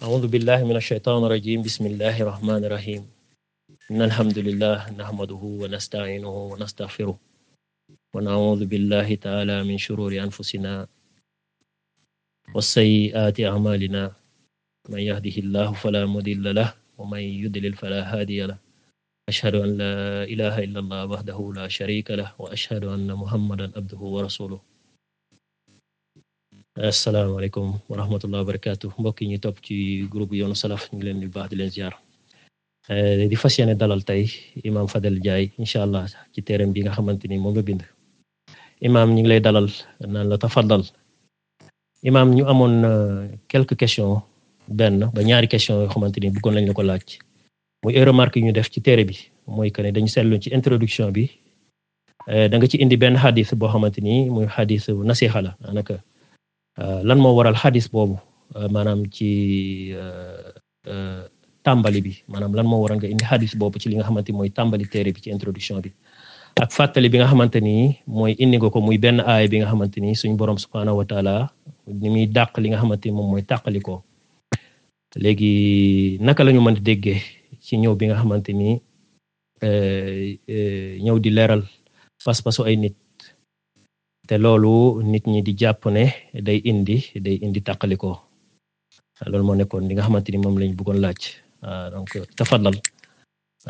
أعوذ بالله من الشيطان الرجيم بسم الله الرحمن الرحيم إن الحمد لله نحمده ونستعينه ونستغفره ونعوذ بالله تعالى من شرور أنفسنا والسيئات أعمالنا من يهده الله فلا مضل له ومن يضلل فلا هادي له أشهد أن لا إله إلا الله وحده لا شريك له وأشهد أن محمدا عبده ورسوله asalaamaaleykum wa rahmatullahi wa barakatuh mbokk yi ñu topp ci groupe yoonu salaf ñu ngi leen di baax di leen ziar eh, di fas yéene dalal tey imaam Fadel jaay incha allah ci teree bi nga xamante ni moom la bind imaam ñu ngi lay dalal naan la tafadal imaam ñu amoon euh, quelques questions benn ba ñaari questions yoo xamante ni bëggoon nañ ko laaj muy remarque yi ñu def ci téere bi mooy que ne dañu seetlu ci introduction bi eh, da nga ci indi benn xadis boo xamante ni muy xadis nasiha la anaka Euh, lan moo waral xadis boobu euh, maanaam ci euh, tambali bi maanaam lan moo waral nga indi xadis boobu ci li nga xamante ni mooy tàmbali téere bi ci introduction bi ak fàttali bi nga xamante ni mooy indi nga ko muy benn aaya bi nga xamante ni suñu borom subhaanahu wa taala ni muy dàq li nga xamante ni moom mooy tàqali ko léegi naka lañu ñu mën déggee ci ñëw bi nga xamante ni ñëw di leeral pas ay nit. te loolu nit ñi di jàpp ne day indi day indi tàqaliko loolu moo nekkoon li nga xamante ni moom lañ bëggoon laaj ah, donc tafadal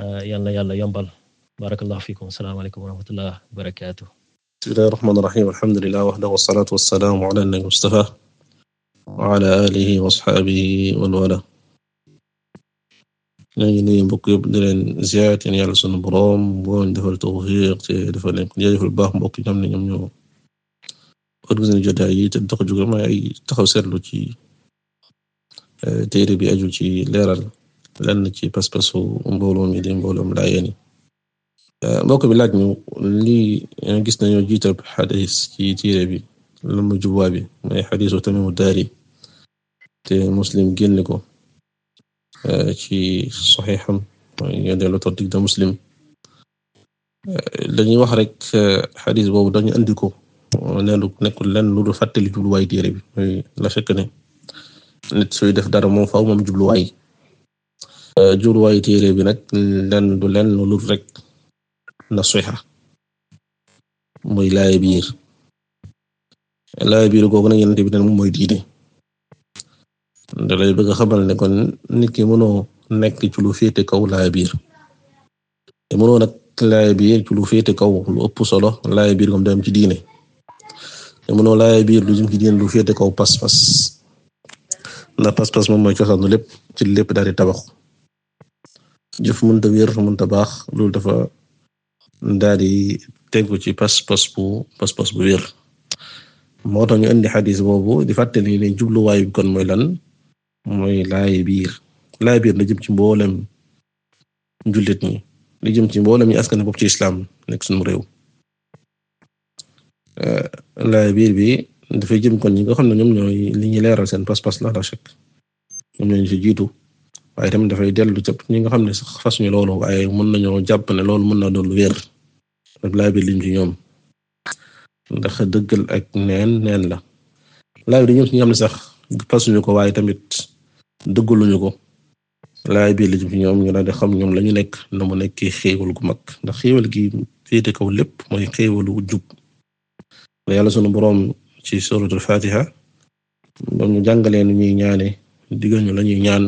ah, yal na yombal barakallahu fikum salaamaaleykum wa rahmatullah wa barakaatu bismillahi rahmaani rahim alhamdulilah wahdahu wasalaatu wasalaamu ala nabi mustafa wa ala sunu boroom boo ñu defal ko baax mbokk yi organiser jotaay yi te dox juga mooy ay eh, taxaw seetlu ci téere bi aju ci leeral lenn ci pas-pasu mbooloo mi di mbooloom Laayeen eh, mbokk bi laaj ñu lii gis nañu jiitab xadis ci téere bi lu mu jubwaa bi mooy xadisu Tamiimu Daari te Muslim génn ko ci eh, saxiixam mooy dellu tor digda Muslim dañuy wax rek xadis boobu dañu andi ko loolu nekkul lenn lu dul fàttali jubluwaay téere bi la fekk ne nit suy def dara moom faaw moom jubluwaay euh, jubluwaay téere bi nag lenn du lenn lu dul rek nasiha muy laay biir laay biir googu nag yonent bi moom mooy diine da lay bëgg a xamal ne kon nit ki mënoo nekk ci lu féete kaw laay biir te mënoo nag laay biir ci lu féete kaw lu ëpp solo laay biir comme dem ci diine. te mënoo laay biir lu jëm ci diine lu féete kaw pas-pas ndax pas-pas moom mooy cosaanu lépp ci lépp daal di tabax jëf mënta wér mënta baax loolu dafa daal di tegu ci pas-pas bu pas-pas bu wér moo tax ñu indi xadis boobu di fàttali ne jubluwaay bi kon mooy lan mooy laay biir laay biir la jëm ci mboolem jullit ñi li jëm ci mboolem ñi askan bopp ci islam nekk sunu réew. Euh, laay biir bi dafay jëm kon ñi nga xam ne ñoom ñooy li ñuy leeral seen pas-pas la la chek ñoom ñoo ñu jiitu waaye tamit dafay dellu ca ñi nga xam ne sax fas ñu waaye mën nañoo jàpp ne loolu mën na doon lu liñ ci ñoom ndax dëggal ak neen neen la laay biir ñoom sax fasuñu ko waaye tamit dëggaluñu ko laay biir liñ ci ñoom ñu xam ñoom la ñu nekk na mu nekk xéewal gu mag ndax xéewal gi féete kaw lépp mooy xéewalu jub ba yàlla sunu boroom ci suratul fatiha ba mu jàngalee nu ñuy ñaane digal ñu la ñuy ñaan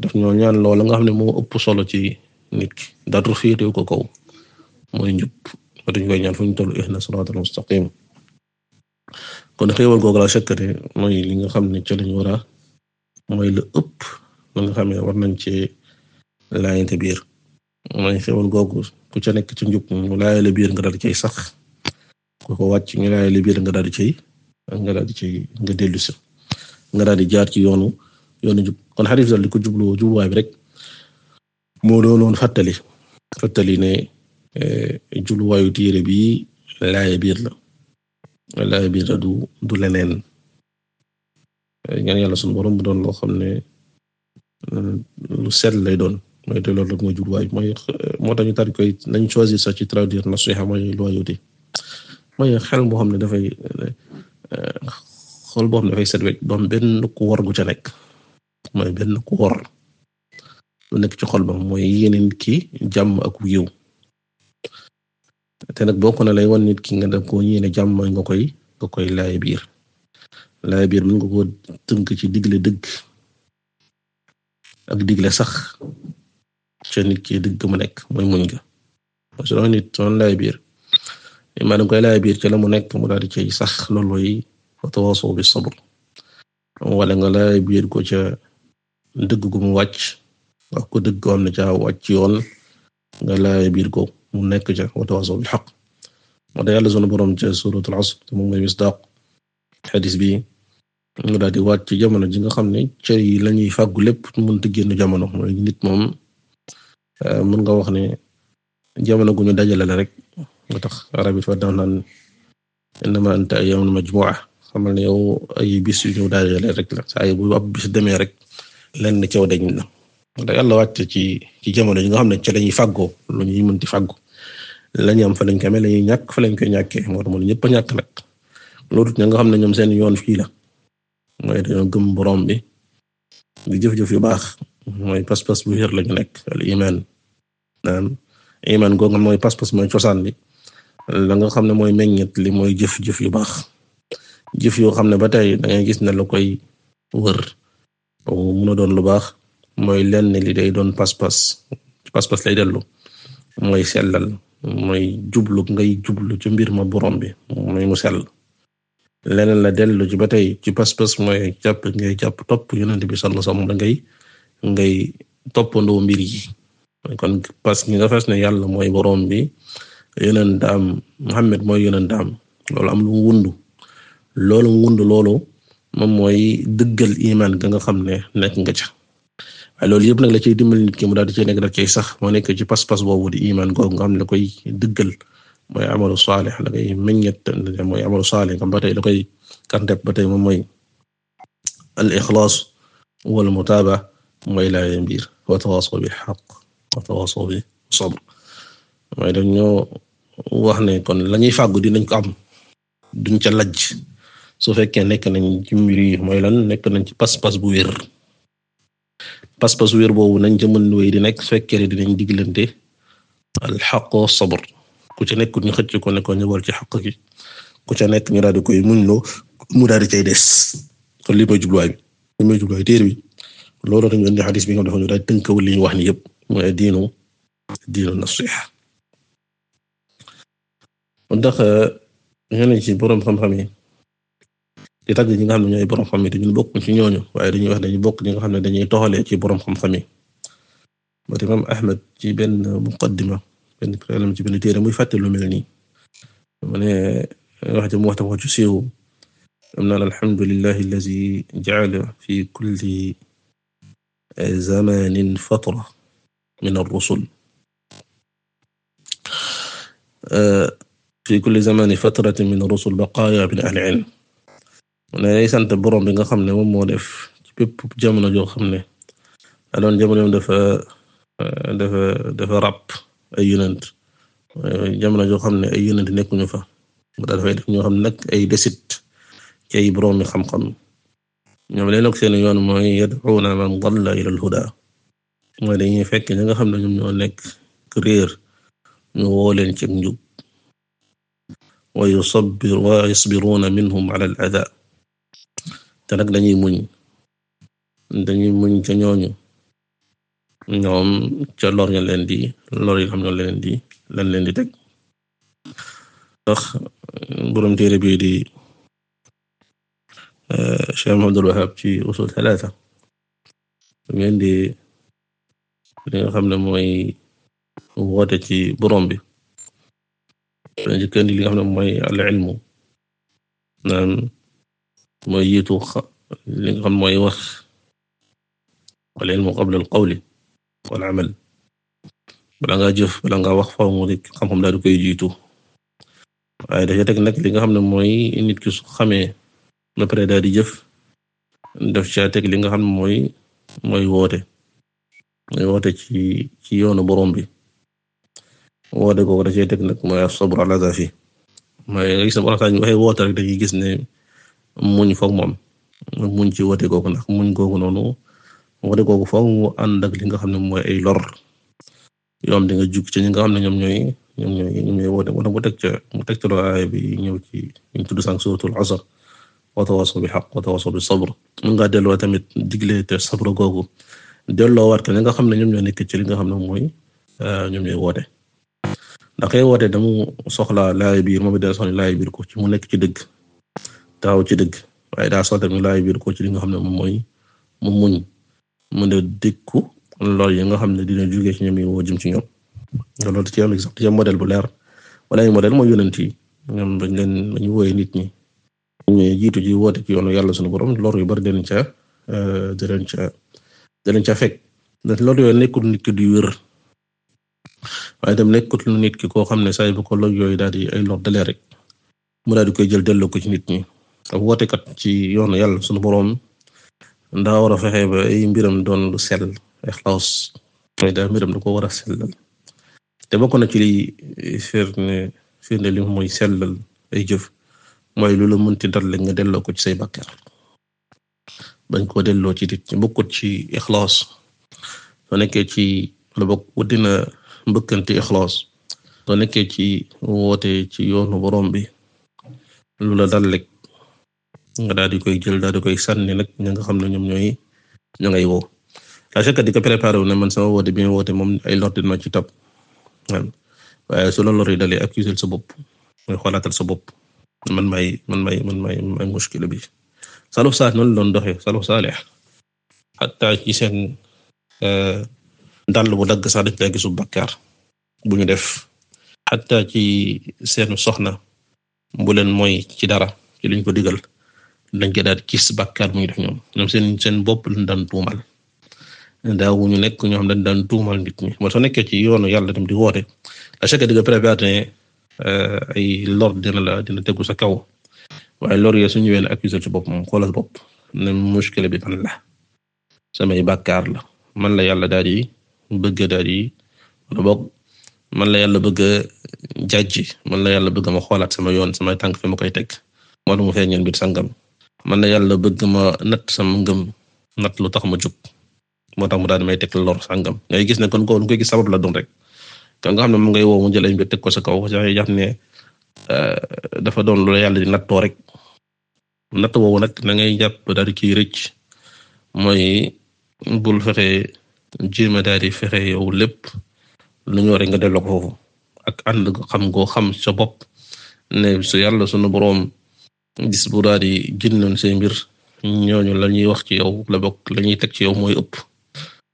daf ñoo ñaan loola nga xam ne moo ëpp solo ci nit ki dara féetewu ko kaw mooy njub ba koy ñaan fu ñu tollu ihna siratal mustaqim kon xéewal googu la chakkate mooy li nga xam ne ci lañ war a mooy la ëpp li nga xam ne war nañ ci laayante biir mooy xéewal googu ku ca nekk ci njub mu laayale biir nga dal cay sax ku ko wàcc ñu ne li biir nga daal di cay nga daal di cay nga dellu nga daal di jaar ci yoonu yoonu jub kon xadiis daal di ko jublu jubluwaay bi rek moo doonoon fàttali fàttali ne eh, jubluwaayu téere bi laay biir la laay biir du du leneen eh, ñaan yàlla sunu borom bu doon loo xam ne eh, lu set lay doon mooy te loolu rek mooy jubluwaay mooy moo tax ñu tar koy nañ choisir sax ci traduire nasiha mooy loyauté mooy xel boo xam ne dafay xol boo xam ne dafay set wecc doom benn ku wor gu ca nekk mooy benn ku wor lu nekk ci xol ba mooy yeneen ki jàmm ak yiw te nag bokk na lay wan nit ki nga def ko ñeene jàmm nga koy nga koy laay biir laay biir mën nga ko tënk ci digle dëgg ak digle sax ca nit ki dëgg mu nekk mooy muñ nga parce que nit son laay biir maanaam koy laaj biir ci la mu nekk mu daal di sax loolu mooy watawaasaw bi sabr wala nga laaj biir ko ca dëgg gu mu wàcc wax ko dëggoon na caa wàcc yoon nga laaj biir ko mu nekk ca watawaasaw bil xaq moo tax yàlla sunu borom ca suuratul asr te moom mooy misdaaq xadis bi mu daal di wàcc jamono ji nga xam ne cër yi la ñuy fàggu lépp mënut a génn jamono mooy nit moom euh, mën nga wax ne jamono gu ñu dajale la rek. moo tax arab yi fa daan naan innama anta ayyaamun majmuu'a xamal ne yow ay bis yu ñu dajale rek la saa bu ab bis demee rek lenn caw dañ na da yàlla wàcc ci ci jamono yi nga xam ne ci lañuy fàggoo lu ñuy mën di fàggu lañu am fa lañ ko amee lañuy ñàkk fa lañ koy ñàkkee moo tax mu ñëpp a ñàkk nag loolu ña nga xam ne ñoom seen yoon fii la mooy dañoo gëm borom bi di jëf-jëf yu baax mooy pas-pas bu wér lañu nekk al iman naan iman googu mooy pas-pas mooy cosaan bi la nga xam ne mooy meññet li mooy jëf-jëf yu baax jëf yoo xam ne ba tey da gis ne la koy wër mun a doon lu baax mooy lenn li day doon pas-pas pas-pas lay dellu mooy sellal mooy jublu ngay jublu ci mbir ma borom bi mooy mu sell leneen la dellu ci ba tey ci pas-pas mooy jàpp ngay jàpp topp yonent bi sallallahu alayhi wasallam ngay ngay toppandoo mbir yi kon pas nga fas ne yàlla mooy borom bi am Muhammad mooy yonentam loolu am lu mu wundu loolu mu loolu moom mooy dëggal iman ka nga xam ne nekk nga ca waaye loolu yëpp nag la cay dimbali nit ki mu daal di cay nekk daal cay sax moo nekk ci pas-pas boobu di iman googu nga xam koy dëggal mooy amalu saalih la koy meññet mooy amalu saalih nga ba tey la koy kanteb ba tey moom mooy al ixlaas wal mutaaba mooy laayeen biir wa tawaasaw bi xaq wa tawaasaw bi sabr waaye dañ ñoo wax ne kon la ñuy fàggu dinañ ko am duñ ca lajj su fekkee nekk nañ ci mbir yi mooy lan nekk nañ ci pas-pas bu wér pas-pas bu weer boobu nañ ca mën wéy di nekk fekkee ne dinañ diglante alxaqoo sabr ku ca nekk ñu xëcc ko ne ko ñëwal ci xaq gi ku ca nekk ñu daal di koy muñ loo mu daal di cay des kon li mooy jubluwaay bi li mooy jubluwaay téere loolu dañu indi xadis bi nga dafa ñu daal tënkawul li ñu wax ni yëpp mooy diinu diinu nasiha moo tax euh, ñeneen ci borom xam-xam yi di tagg ñi nga xam ne ñooy borom xam yi te ñun bokkuñ ci ñooñu dañuy wax dañuy bokk ñi nga xam ne dañuy toxalee ci borom xam-xam yi. ba imam Ahmad ci benn muqaddima benn problème ci benn téere muy fàttali lu mel nii mu ne euh, wax jëm wax tam wax ju siiw na alhamdulillahi allazi ja'ala fi kulli euh, zamanin fatra min ar fi kulli zamani fatratin min rusul baqaaya min ahli ilm mu ne sant borom bi nga xam ne moom moo def ci bépp jamono joo xam ne a doon jamono dafa dafa dafa rab ay yonent jamono joo xam ne ay yonent nekkuñu fa mu daal dafay def ñoo xam ne nag ay desit ci ay borom mi xam-xam ñoom leen ak seen yoon mooy yad'una man dalla ila al-huda mooy dañuy fekk ñi nga xam ne ñoom ñoo nekk réer ñu woo leen ci njub ويصبر ويصبرون منهم على العذاب te nag dañuy muñ dañuy muñ ca ñooñu ñoom ca lor ña leen di lor yi xam ñoo leen di lan leen di teg ndax borom téere bi di eh, Cheikh Muhammad ci usul thalatha ngeen di li xam ne mooy woote ci borom bi dana jëkk indi li xam ne mooy ala ilmu naan mooy yiitu li nga xam mooy wax al ilmu qabla al qawli wal amal bala ngaa jëf bala ngaa wax faaw mu xam-xam daal di koy jiitu waaye dafa teg nag li nga xam ne mooy nit ki su xamee ba daal di jëf daf caa teg li nga xam ne mooy mooy woote moy woote ci ci yoonu borom bi. woote googu da cee teg nag mooy as-sabr ala dafi mooy gis na boroom ñu waxee woote rek dañuy gis ne muñ foog moom muñ ci woote googu ndax muñ googu noonu woote googu foog mu ànd ak li nga xam ne mooy ay lor yoom di nga jug ci ñi nga xam ne ñoom ñooy ñoom ñooy ñoom ñooy woote wala mu teg mu teg ca aaya bi ñëw ci ñu tudd sànq suuratul asr wa tawaasaw bil haqq wa tawaasaw bis sabr mën ngaa delloo tamit digle te sabr googu delloo waat nga xam ne ñoom ñoo nekk ci li nga xam ne mooy euh, ñoom ñooy woote ndax kay woote damu soxla laay biir moom it daa soxla laay biir ko ci mu nekk ci dëgg taxaw ci dëgg waaye daa soxla tamit laay biir ko ci li nga xam ne moom mooy mu muñ mën a dékku lool yi nga xam ne dina jóge ci ñoom yi woo jëm ci ñoom loolu da ci am exemple ci modèle bu leer wala ay modèle mooy yonent yi ñoom dañ leen dañu wooye nit ñi ñu jiitu ji woote ci yoonu yàlla sunu borom lor yu bari daleen ca euh, daleen ca daleen ca fekk loolu yooyu nekkul nit ki di waaye dem nekkut lu nit ki koo xam ne saa bu ko loj yooyu daal di ay rek mu daal di koy jël delloo ko ci nit ñi ak wootekat ci yoonu yàlla sunu boroom ndaa a fexe ba mbiram doon lu sell ixlaas mooy daa mbiram war a sellal te bokk na ci li firne firne li mooy sellal ay jëf mooy lu la mënti dal nga delloo ko ci say bàkkaar bañ koo delloo ci nit ñi bokkut ci ixlaas soo nekkee ci la bokk mbëkkanti ixlaas soo nekkee ci woote ci yoonu borom bi lu la dal rek nga daal di koy jël daal di koy sànni nag ña xam ne ñoom ñooy ñoo ngay woo la chaque di ko préparé wu ne man sama woote bi woote moom ay lor dina ci tab waaye su la lor yi dalee accuser sa bopp mooy xoolaatal sa bopp man may man may man may may mushkila bi salaf saalih noonu la doon doxee salaf saalih ci seen euh, dàll bu dagg sax dañ lay gisu bakkaar bu ñu def xatta ci seenu soxna bu leen mooy ci dara ci liñ ko digal dañ ko daal gis bakkaar bu ñu def ñoom ñoom seen seen bopp lañ daan tuumal daawu ñu nekk ñoo xam dañ daan tuumal nit ñi moo soo nekkee ci yoonu yàlla dem di woote à chaque digga prévoir ne euh, la dina tegu sa kaw waaye lor yee su ñëwee ne accuser ci bopp moom xoolal bopp ne muskil bi man la samay bakkaar la man la yàlla daal di bëgg daal di man la yàlla bëgg a jàjji man la yàlla bëgg ma xoolaat sama yoon sama tànk fi ma koy teg moo tax mu feeñal mbir sangam man la yàlla bëgg ma natt sama ngëm natt lu tax ma jub moo tax mu daal may teg lor sangam ngay gis ne kon ko lu koy gis sabab la doon rek ka nga xam ne mu ngay woo mu jëlee mbir teg ko sa kaw jaay jax ne euh, dafa doon lu la yàlla di nattoo rek natt woowu nag na ngay jàpp daal di ciy rëcc mooy bul fexe jéem a daal di fexe yow lépp lu ñëw rek nga delloo ko ak ànd xam ngoo xam sa bopp ne su yàlla sunu boroom gis bu daal di ginnoon say mbir ñooñu la ñuy wax ci yow la bokk la ñuy teg ci yow mooy ëpp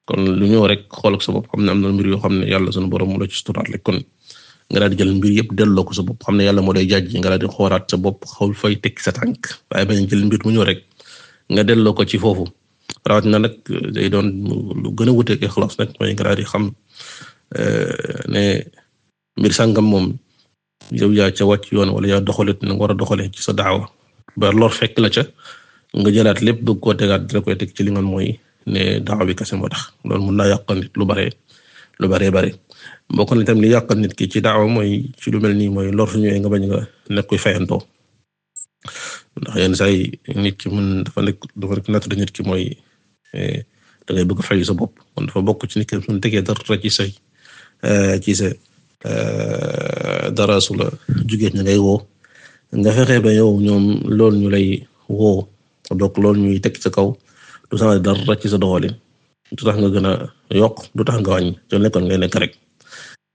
kon lu ñëw rek xool ak sa bopp xam ne am na mbir yoo xam ne yàlla sunu boroom mu la ci suturaale kon nga daal jël mbir yëpp delloo ko sa bopp xam ne yàlla moo day jàjj nga daal di xoolaat sa bopp xool fay tek sa tànk waaye bañ jël mbir mu ñëw rek nga delloo ko ci foofu. rawatina nag euh, day doon lu gën a wuteeg ixlaas nag mooy nga daal xam euh, ne mbir sàngam moom yow yaa ca wàcc yoon wala yaa doxalit na nga war a doxalee ci sa daawa ba lor fekk la ca nga jëlaat lépp bëgg koo tegaat dina koy teg ci li nga mooy ne daawa bi kese moo tax loolu mën naa yàqal nit lu bare lu bare bare bokk na itam li yàqal nit ki ci daawa mooy ci lu mel nii mooy lor suñu nga bañ nga nekk koy fayantoo. ndax yenn saa yi nit ki mën dafa nekk dafa nekk natt nit ki mooy eh, dangay ngay fay fayu sa bopp kon dafa bokk ci nit ki suñu tegee dara ci say eh, ci sa eh, dara su la jugee na ngay woo nga fexe ba yow ñoom loolu ñu lay woo donc loolu ñuy teg sa kaw du sama dara ci sa doxalin du tax nga gën a yokk du tax nga wañ te nekkoon ngay nekk rek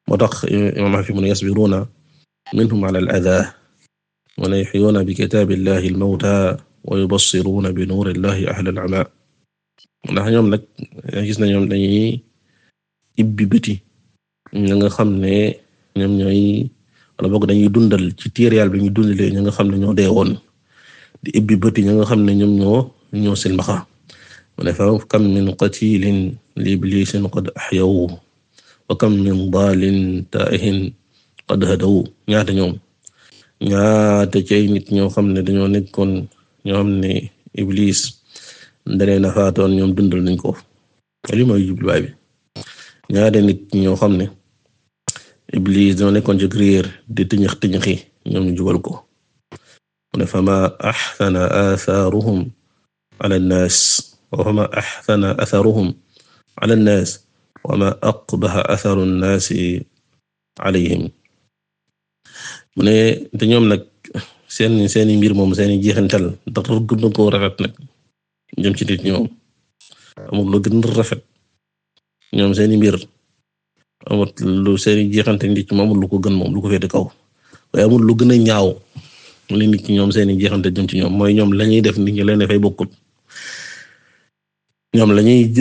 moo tax imam fi mun yasbiruna minhum ala al adha wala yuxyuuna bikitaabillahi almawtaa wa yubassiruuna bi nuurillahi ahlal amaa ndax ñoom nag gis na ñoom dañuy ibbi bëti nga xam ne ñoom ñoo wala boog dañuy dundal ci téere Yàlla bi ñuy dundalee ña nga xam ne ñoo dee woon di ibbi bëti ña nga xam ne ñoom ñoo ñoo silmaxa mu ne fa kam min qatilin li iblisin qad axyawu wa kam min daalin taahin qad hadawu ñaata ñoom ñaata ci ay nit ñoo xam ne dañoo nekkoon ñoo xam ne iblis dalee na faatoon ñoom dundal nañ ko li mooy jubluwaay bi ñaata nit ñoo xam ne iblis dañoo nekkoon ci réer di tëñëx tëñëxi ñoom ñu jubal ko mu ne fama axsana atharuhum ala nnaas wa fama axsana atharuhum ala nnaas wa ma aqbaha atharu nnaasi alayhim mu ne te ñoom nag seen seeni mbir moom seeni jeexantal ndax lu gën ko koo rafet nag jëm ci nit ñoom amul lu gën a rafet ñoom seeni mbir amul lu seeni jeexante nit ñi lu ko gën moom lu ko féete kaw waaye lu gën a ñaaw ni nit ñi ñoom seeni jeexante jëm ci ñoom mooy ñoom lañuy def nit ñi leen dafay bokkut ñoom lañuy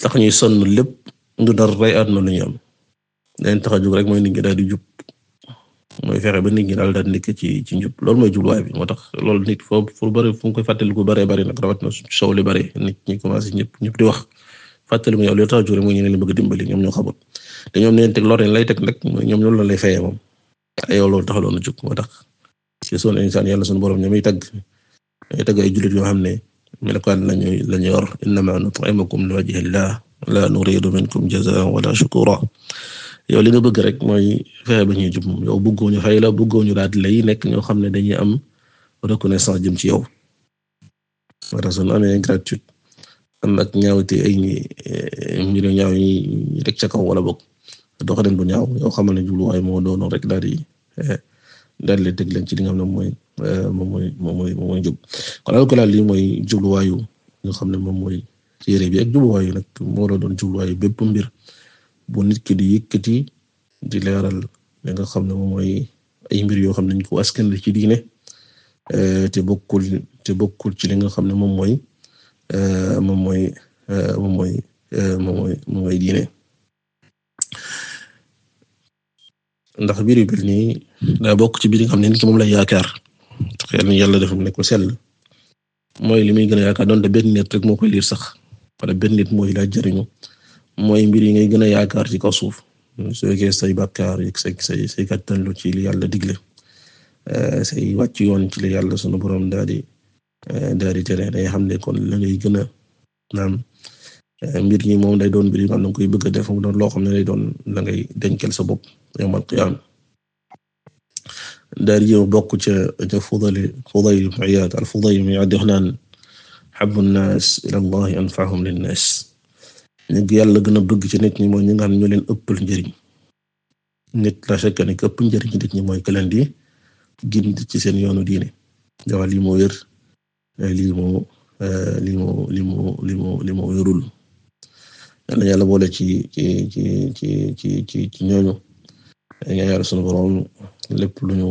tax ñuy sonn lépp ndu dara rey àdduna lu ñu am leen tax a jóg rek mooy nit ñi daal di jub mooy fexe ba nit ñi daal daal nekk ci ci njub loolu mooy jubluwaay bi moo tax loolu nit foo fu bëri fu mu koy fàttaliku bëree bëri nag rawatina soow li bëri nit ñi commencé wax fàttaliku mooy ñu ne la bëgg dimbali ñoom ñoo xamul te ñoom ñoo teg lor lay teg nag ñoom ñoo la lay fayee moom yow loolu taxaloon na jóg moo tax ci son insaan yàlla sunu borom ñoom ñuy tagg ñooy tagg ay jullit yoo xam ne melokaan lañuy lañuy yor innama nut'imukum liwajhillah la nuridu minkum jazaan wala shukura yow li nga bëgg rek mooy fexe ba ñuy jub moom yow bëggoo ñu fay la bëggoo ñu daal lay nekk ñoo xam ne dañuy am reconnaissance jëm ci yow. wala suñu amee gratitude ànd ak ñaawte ay eh, ñu ne ñaaw ñi rek ca kaw wala boog doxalin bu ñaaw yow xamal ne jubluwaay moo doonoon rek daal di eh, daal di teg leen ci li nga xam ne mooy eh, moom mooy moom mooy ko laal lii mooy jubluwaayu nga xam ne moom mooy téere bi ak jubluwaayu nag moo la doon jubluwaayu bépp mbir. bu nit ki di yëkkati di leeral li xam ne moom mooy ay mbir yoo xam ne dañ ko askan ci diine eh, te bokkul te bokkul ci li nga xam ne moom mooy eh, moom mooy eh, moom mooy moom mooy moom mooy diine ndax mbir yu mel bokk ci mbir xam ne nit ki moom lay yaakaar xëy na yàlla dafa nekk ko sell mooy li muy gën a yaakaar doon da benn nit rek moo koy liir sax wala benn nit mooy laaj jariñu mooy mbir yi ngay gën a yaakaar ci kaw suuf soo yeggee say bakkaar yeeg say say say gàttanlu ci li yàlla digle eh, say wàcc yoon ci li yàlla sunu borom daal di eh, daal di tere xam ne kon la ngay gën a naam eh, mbir yi moom day doon mbir yi koy bëgg a def mu loo xam ne day doon la ngay dencal sa bopp yawmal qiyaama daal di bokk ca ca Fudayl Fudayl ibn Iyaad al-Fudayl ibn Iyaad wax naan habbu ñu yàlla gën a bëgg ci nit ñi mooy ñi nga xam ne ñoo leen ëppal njëriñ nit la chaque année ëpp njëriñ nit ñi mooy këleen di gind ci seen yoonu diine dawa lii moo wér eh, lii moo eh, lii moo lii moo lii moo lii moo wérul yàlla yàlla boole ci ci ci ci ci ci ci ñooñu ñaan eh, yàlla sunu borom lépp lu ñu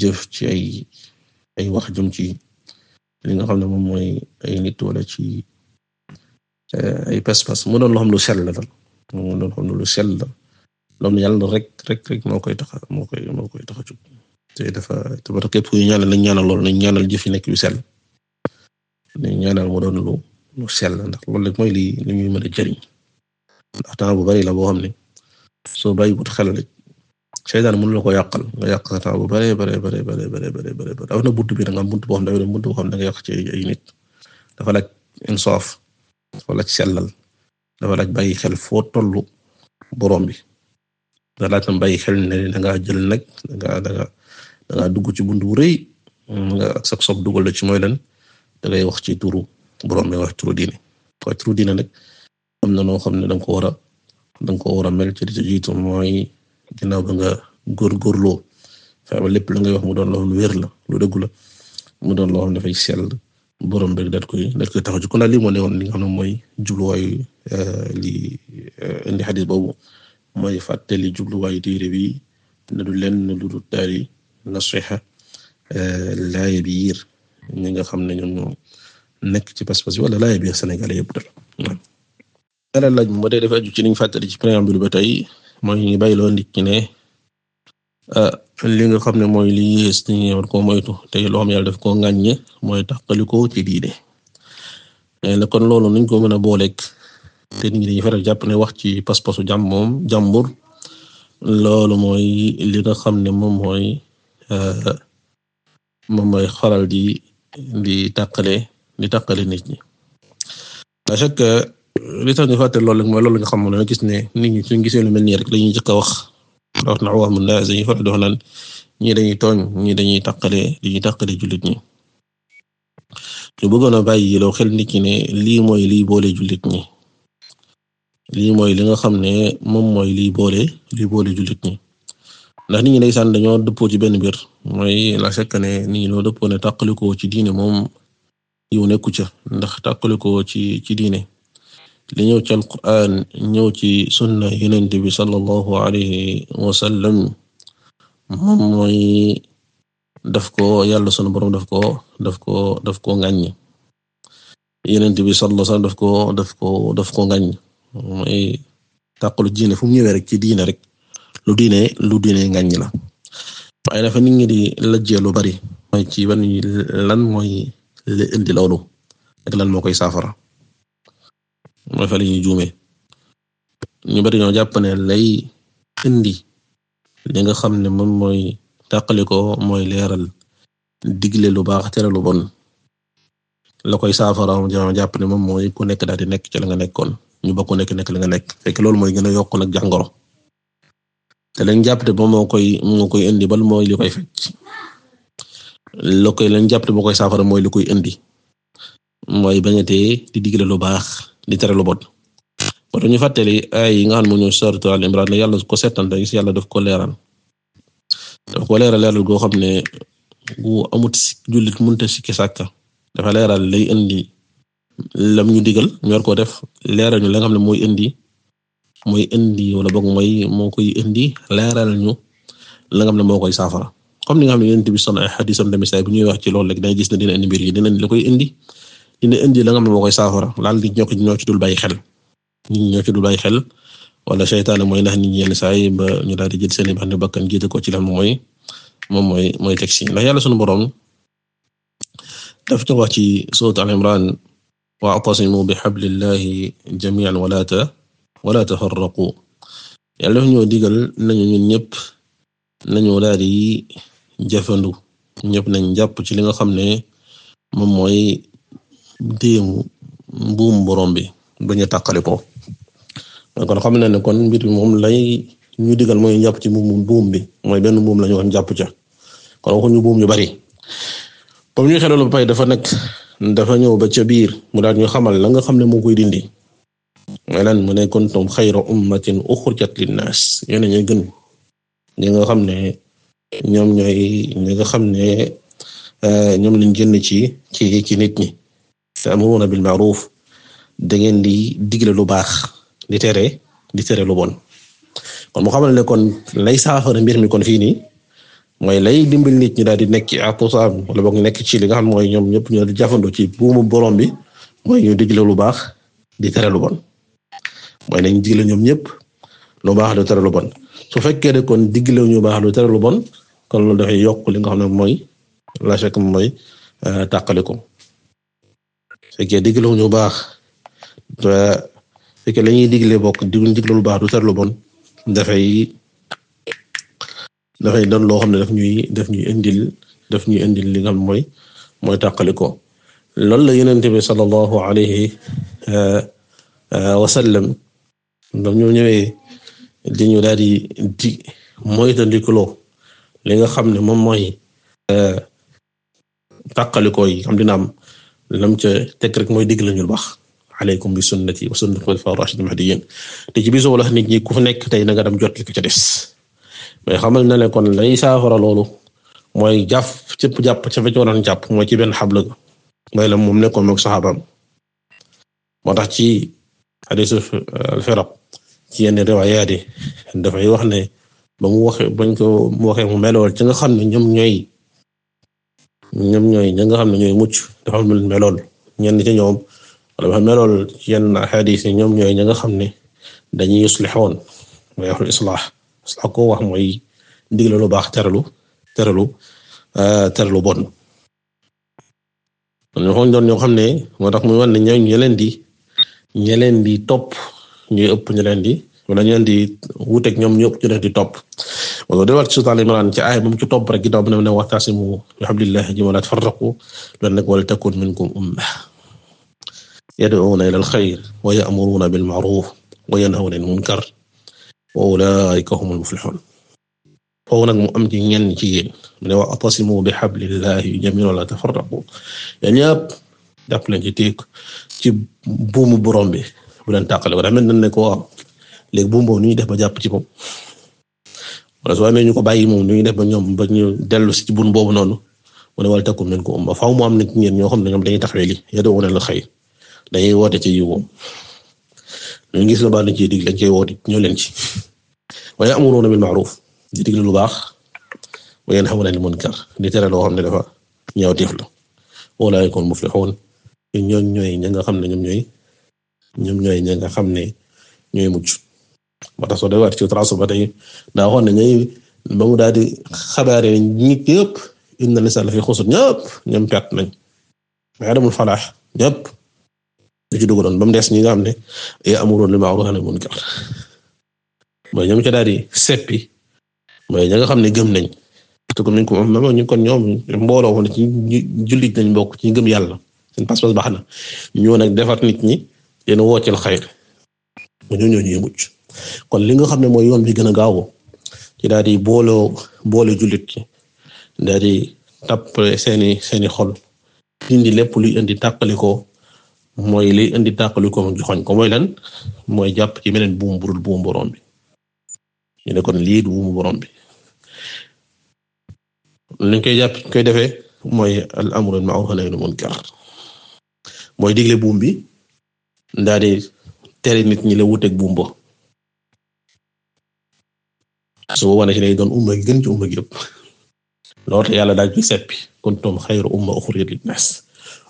jëf ci ay ay wax jëm ci li nga xam ne moom mooy ay nit wala ci ay pas-pas mu doon loo xam lu sell la daal mu doon xam lu sell la loolu yàlla rek rek rek moo koy tax moo koy moo koy tax a jóg te dafa te képp kuy ñaanal nañ ñaanal lool nañ ñaanal jëf yi nekk yu sell nañ ñaanal mu doon lu lu sell ndax loolu rek mooy li li ñuy mën a jëriñ ndax temps bu bari la boo xam ne soo bàyyi wut xel rek seytaan mënu la ko yàqal nga yàq sa temps bu bari bari bari bari bari bari bari am na buntu bi da nga am buntu boo xam ne da nga buntu boo xam ne da nga yàq ci ay nit dafa laaj insaaf dafa ci sellal dafa laaj bàyyi xel foo tollu boroom bi dafa laaj tam bàyyi xel ne da ngaa jël nag da ngaa dugg ci buntu bu rëy nga ak sa sob dugal la ci mooy lan da wax ci turu borom bi wax turu diine waaye turu nag am na noo xam ne da ko war a da nga ko war a mel ci li ci jiitu mooy ginnaaw ba nga góorgóorloo fexe ba lépp lu ngay wax mu doon loo xam lu wér la lu dëggu la mu doon loo xam dafay sell. borom beeg dat koy dat koy taxaw ci kon daal lii moo ne nga xam ne mooy jubluwaayu eh, li eh, indi xadis boobu mooy fàttali jubluwaayu téere bi ne du lenn lu dul daal di nasiha eh, laay biir nga xam ne ñoom ñoo nekk ci pas-pas yi wala laay biir Sénégal yëpp dara. dara laaj ci li fàttali ci préambule ba tey mooy ñu bàyyi loo nit ñi li nga xam ne mooy li yées nit ñi war koo moytu te loo xam yàlla daf koo ŋàññe mooy tàqalikoo ci diine eh, ne kon loolu nuñ ko mën a booleeg te nit ñi dañuy faral jàpp ne wax ci pas-pasu jàmm moom jàmbur loolu mooy li nga xam ne moom mooy eh, moom mooy xaral di di tàqale di tàqale nit ñi à chaque li tax ñu fàtte loolu mooy loolu nga xam ne gis ne nit ñi suñ gisee lu mel nii rek lañuy jëkk a wax rawat na awaamul naas dañuy faral di wax naan ñii dañuy tooñ ñii dañuy taqale dañuy taqale jullit ñi ñu bëggoon a bàyyi loo xel nit ñi ne lii mooy liy boole julit ñi li mooy li nga xam ne moom mooy liy boole li boole julit ñi ndax nit ñi ndeysaan dañoo dëppoo ci benn mbir mooy la fekk ne nit ñi ñoo dëppoo ne tàqalikoo ci diine moom yiw nekku ca ndax tàqalikoo ci ci diine li ñëw ci alquraan ñëw ci sunna yonent bi sallallahu alayhi wa sallam moom daf ko yàlla sunu borom daf ko daf ko daf ko ngañ yonent bi sallallahu alayhi wa sallam daf ko daf ko daf ko ngañ mooy tàqalu diine fu ñëwee rek ci diine rek lu diine lu diine ngañ la waaye dafa nit ñi di lu bari mooy ci ban lan mooy li indi loolu ak lan moo koy saafara mooy fa la ñuy juumee ñu bari ñoo jàpp ne lay indi li nga xam ne moom mooy tàqali ko mooy leeral digle lu baax tere lu bon la koy saafara ñoo jàpp ne moom mooy ku nekk daal di nekk ci la nga nekkoon ñu ba ku nekk nekk la nga nekk fekk lool mooy gën a yokk nag jàngoro te lañ jàpp ne moom moo koy moo koy indi bal mooy li koy fecc la koy lañ jàpp ne koy saafara mooy li koy indi mooy bañatee di digle lu baax. di tere lu bon ba ñu fàttali ay yi nga xam ne moom ñoo sooratu Al Imraan la yàlla ko seetaan da gis def ko leeral daf ko leeral goo xam ne gu amut jullit mënut a leeral lay indi lam ñu digal ñu war koo def leeral ñu la nga xam ne indi mooy indi wala moo koy la nga xam moo koy saafara comme ni nga xam ne yonent bi son ay xadiisam tamit saa ñuy wax ci loolu rek day gis ne dina indi mbir yi dina la koy indi. dina indi la nga xam ne saafara laal di ñoo ko ñoo dul bàyyi xel nit ñoo ci dul bàyyi xel wala seytaane mooy ndax ni ñi yenn saa ba ñu daal di jël seen i bànn bakkan jiite ko ci lan mooy moom mooy mooy teg si ndax yàlla sunu borom ñu wax ci sourate Al-Imran wa'tasimu bi hablillahi jami'an wala ta wala tafarraqu yàlla daf ñoo digal ñun ñëpp nañu daal di nañ jàpp ci li nga xam ne moom mooy déemu mbuum borom bi ba a tàqali ko kon xam na ne kon mbir bi moom lay ñu digal mooy jàpp ci mbuum buum bi mooy benn mbuum la ñu jàpp ca kon waxuñu buum yu bari dafa nekk ñëw ba ca biir mu daal ñu xamal la nga xam ne moo koy dindi mooy lan mu ne kuntum xayra ummatin uxrijat linnaas yéen ñu gën ñi nga xam ne ñoom ñooy ñi xam ne eh, ñoom lañ génn ci ci ci nit ñi. ta'muruna bil ma'ruf da ngeen di digle lu baax di tere di tere lu bon kon mu xamal ne kon lay saafara mbir mi kon fii nii mooy lay dimbali nit ñi daal di nekk ci aqsam wala boog nekk ci li nga xam mooy ñoom ñëpp ñu di jafandoo ci buumu borom bi mooy ñu digle lu baax di tere lu mooy nañ digle ñoom ñëpp lu baax du tere lu su fekkee ne kon digle ñu baax du tere lu bon kon loolu yokk li nga xam ne mooy la chèque mooy euh, tàqaliku. fekkee digle wu ñu baax te lañuy la ñuy digle bokk diglu digle lu baax du tar lu bon dafay dafay dan loo xam ne daf ñuy daf ñuy indil daf ñuy indil li nga xam mooy mooy tàqali ko loolu la yonent bi sallallahu alayhi eh, eh, wa sallam ñoo ñëwee di daal di li nga xam ne moom mooy eh, tàqalikoo yi xam dina am lam ca teg rek moy digg la ñu aleykum bi sunnati wa sunnati xulafaa raashidin mahdiyyin te ci bisu wala nit ñi ku nekk tey na nga dem jot li ko ca des mais xamal na ne kon lay saafara loolu mooy jàpp cëpp jàpp ca fa ci jàpp mooy ci benn xabla mooy la moom nekkoon moog saxaabaam moo tax ci hadiisu euh, al-firaq ci yenn riwaayaat yi dafay wax ne ba mu waxee bañ ko mu waxee mu melool ci nga xam ne ñoom ñooy. ñoom ñooy ña nga xam ne ñooy mucc dafa am lu melool ñenn ci ñoom wala dafa melool yenn xadiis yi ñoom ñooy ña nga xam ne dañuy yuslixoon mooy axul islaax islaax ko wax mooy digle lu baax teralu teralu euh, teralu bon ñoo doon ñoo xam ne moo tax muy wan ne ñoo ñeleen di ñeleen di topp ñuy ëpp ñeleen di wala ñu leen di wuuteeg ñoom ñëpp ci leen di topp wala de wax ci Al Imran ci aaya moom ci topp rek ginnaaw bi ne wa laa tafarraqu loolu nag wal takun minkum ummatun yad'uuna ilal xayri wa ya'muruuna bil ma'ruuf wa mu am ci ñenn ci yéen ne wa'tasimu bi hablillahi jamii'an wa la tafarraqu yéen ñëpp jàpp ci téeg ci buumu borom bi bu leen tàqale ko dafa mel ko léegi bu mu nu ñuy def ba jàpp ci moom wala soo amee ñu ko bàyyi moom nu ñuy def ba ñoom ba ñu dellu si ci bun boobu noonu mu ne wala takkum nañ ko umma faaw mu am nag ñeen ñoo xam ne ñoom dañuy taxawee li yad'una lil xayr dañuy woote ci yiw ñu gis lu baax dañ ciy dig lañ koy woote ñoo leen ci wa ya'muruna bil ma'ruf di digle lu baax wa yanhawna 'anil munkar di tere loo xam ne dafa ñaaw def la ulaa'ika humul muflihun ñoom ñooy ña nga xam ne ñoom ñooy ñoom ñooy ña nga xam ne ñooy mucc moo tax soo demee waat ci transport ba tey daa waxoon ne ñooy ba mu daal di xabaare nit yëpp inna lisan la fi xusut ñëpp ñoom perte nañ mais adamul falaax ñëpp lu ci ba mu des ñi nga xam ne ya'muruuna bil ma'ruufi wa yanhawna mooy ñoom ca daal di seppi mooy ña nga xam ne gëm nañ te ko nañ ko moom ñu kon ñoom mbooloo woon ci jullit nañ bokk ci gëm yàlla seen pas-pas na ñoo nag defar nit ñi yéen a wooteel xayr ñoo ñoo ñuy kon li nga xam ne mooy yoon bi gën a gaaw ci daal di boole jullit ki daal di tàppale seeni seeni xol indi lépp luy indi tàqalikoo mooy li indi tàqalikoo joxoñ ko mooy lan mooy jàpp ci beneen buum burul buum bi ñu ne kon lii bi liñ koy jàpp koy defee mooy al amru bil ma'ruf wa nahyu anil mooy digle buum bi daal di tere nit ñi la wuteeg buum ba soo su boobaa nag day doon umma gi gën ci umma gi yëpp loolu te yàlla daal di seppi kuntum xayra umma uxrijat linnaas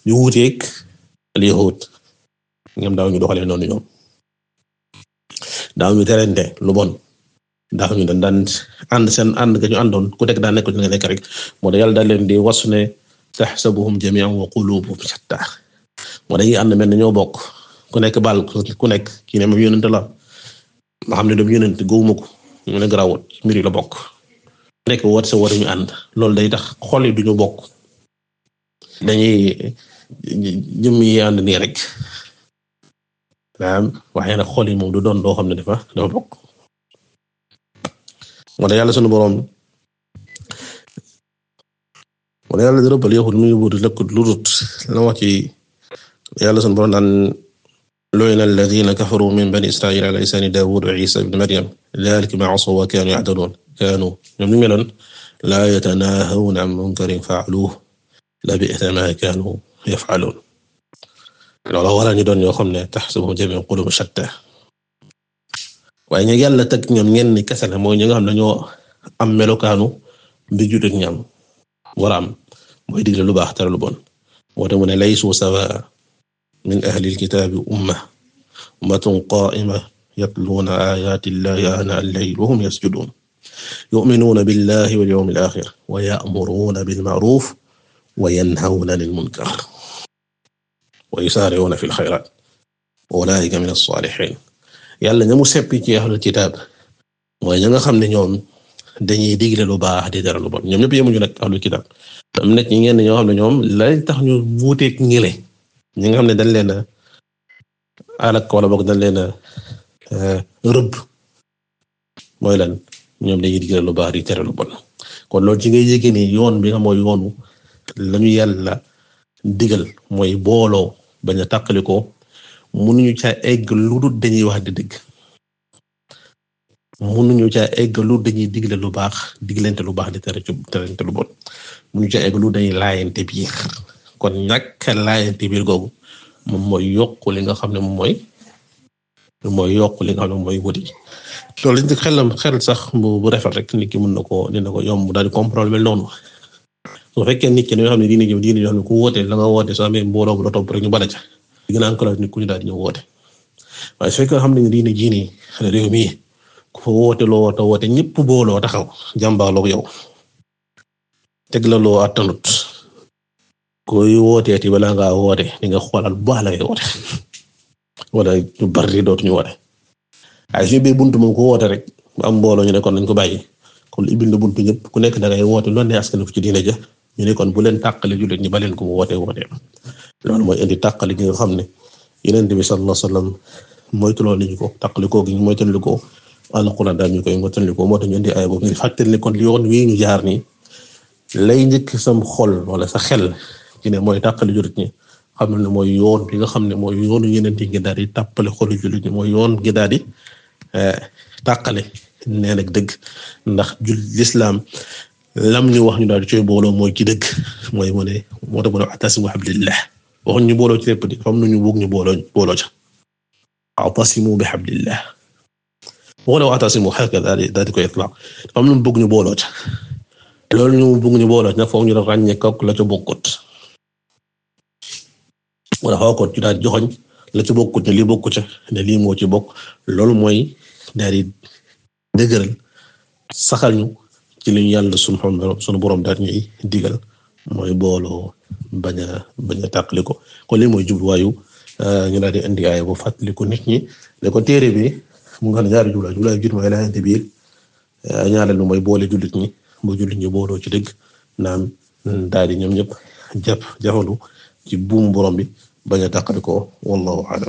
ñu wuuteeg al yahud ñoom daaw ñu doxalee noonu ñoom daaw ñu terente lu bon ñu dañ daan ànd seen ànd ga ñu àndoon ku nekk daan nekk ci nga rek moo de yàlla daal leen di wasu ne taxsabuhum jamii'an wa quluubuhum shattaa moo dañuy ànd mel ne ñoo bokk ku nekk baal ku nekk ki ne ma yónent la ma xam ne dama yónent gëwuma ko mu ne garaawut mbir yi la bokk nekk wat sa waruñu ànd loolu day tax xol yi duñu bokk dañuy jëm yi ànd nii rek naam waaye nag xol yi moom du doon doo xam ne dafa dafa bokk wala yàlla sunu boroom wala yàlla di rëbbal yahud mu yóbbu lëkk lu rut la wax ci yàlla sunu boroom naan لعن الذين كفروا من بني إسرائيل على لسان داود وعيسى بن مريم ذلك ما عصوا وكانوا يعتدون كانوا ñoom ñu meloon لا يتناهون عن منكر فعلوه لبئس wala ñu doon yoo xam ne تحسبهم جميعا قلوب شتى waaye ñu yàlla teg ñoom ñenn kese la mooy ñi nga xam ne ñoo am melokaanu bi ju ak ñam war a am mooy digle lu baax tere lu bon woote mu ne laysu min ahlil kitaabi umma ummatun qaa'ima yatluuna aayaati llaahi aanaa al-layli wa hum yasjuduun yu'minuuna billaahi wal yawmil aaxir wa ya'muruuna bil ma'ruuf wa yanhawna munkar wa yusaari'uuna fil xayraat wa ulaa'ika mina saalixiin ña mu seppi ci ahlul kitaab mooy ña nga xam ne ñoom dañuy digle lu baax di dara lu bon ñoom ñëpp yemuñu nag ahlul kitaab ñi ngeen ñoo xam ne ñoom lay tax ñu wuuteeg ñële. ñi nga xam ne dañ leen a alak wala boog dañ leen a euh, rëbb mooy lan ñoom dañuy digal lu baax di tere lu bon kon loolu ci ngay yëgee ni yoon bi nga mooy yoonu lañu yàlla digal mooy booloo bañ a tàqalikoo mënuñu caa egg lu dañuy wax di dëgg mënuñu caa egg lu dañuy digle lu baax diglante lu baax di tere ci terante lu bon mënuñu caa egg lu dañuy laayante biir kon ñàkk a laajante biir googu moom mooy yokk li nga xam ne moom mooy mooy yokk li nga xam ne moom mooy wuti loolu it xelam xel sax bu bu rafet rek nit ki mën na koo dina ko yomb daal di comprendre mel noonu su fekkee nit ki nga xam ne diine jëm diine yoo xam ne ku woote la soo amee mbooloo bu la topp rek ñu bala ca gën a encourage nit ku ñu daal di ñëw woote waaye su fekkee nga xam ne diine jii réew mi ku fa woote loo woote woote ñëpp booloo taxaw jàmbaarloo yow teg la loo koy wooteeti a ngaa woote di nga xoolal bu baax la ngay woote wala ñu bari dootuñu woote ay fi biir buntu moom ko woote rek bu am mbooloo ñu ne kon nañ ko bàyyi kon ibil na buntu ñëpp ku nekk da ngay woote loolu ne askan fu ci diine ja ñu ne kon bu leen tàqale jullit ñi ba leen ko mu woote woote loolu mooy indi tàqale gi nga xam ne Yonent bi sallallahu alayhi wasallam moytuloo nañu ko tàqale ko gi moytuloo ko alxuraan daal ñu koy moytuloo ko moo ñu indi ay boobu ngir fàttali ne kon yoon wi ñu ni nii lay njëkk sa xol wala sa xel. ci ne mooy tàqali jullit ñi xamal ne mooy yoon bi nga xam ne mooy yoonu yeneen yi daal di tàppale xolu jullit ñi mooy yoon gi daal di eh, tàqale nee nag dëgg ndax jul lislaam lam ñu wax ñu daal di cooy booloo mooy ci dëgg mooy mu ne moo tax mu ne atasimu hablillah waxuñ ñu booloo ci lépp di fam nuñu bëgg ñu booloo booloo ca atasimu bi hablillah wala atasimu hakada daal di koy itlaq fam nu bëgg ñu booloo ca ñu bug ñu booloo ca nag foog ñu ràññee kooku la ca bokkut wala xaw ko ci daal joxoñ la ci bokkut ne lii bokku ca lii moo ci bokk loolu mooy daal di dëgëral saxal ñu ci li ñu yàlla sunu sunu borom daal ñuy digal mooy booloo bañ a bañ ko kon lii mooy jubluwaayu euh, ñu daal di indi aaya bu fàttaliku nit ñi da ko téere bi mu nga xam ne ñaari jubluwaay jubluwaayu jur mooy laajante biir euh, ñaareel bi mooy boole jullit ñi ba jullit ñi booloo ci dëgg naan daal di ñoom ñëpp jàpp jàppandu ci buum borom bi. bañ a taqal ko wallahu a'lam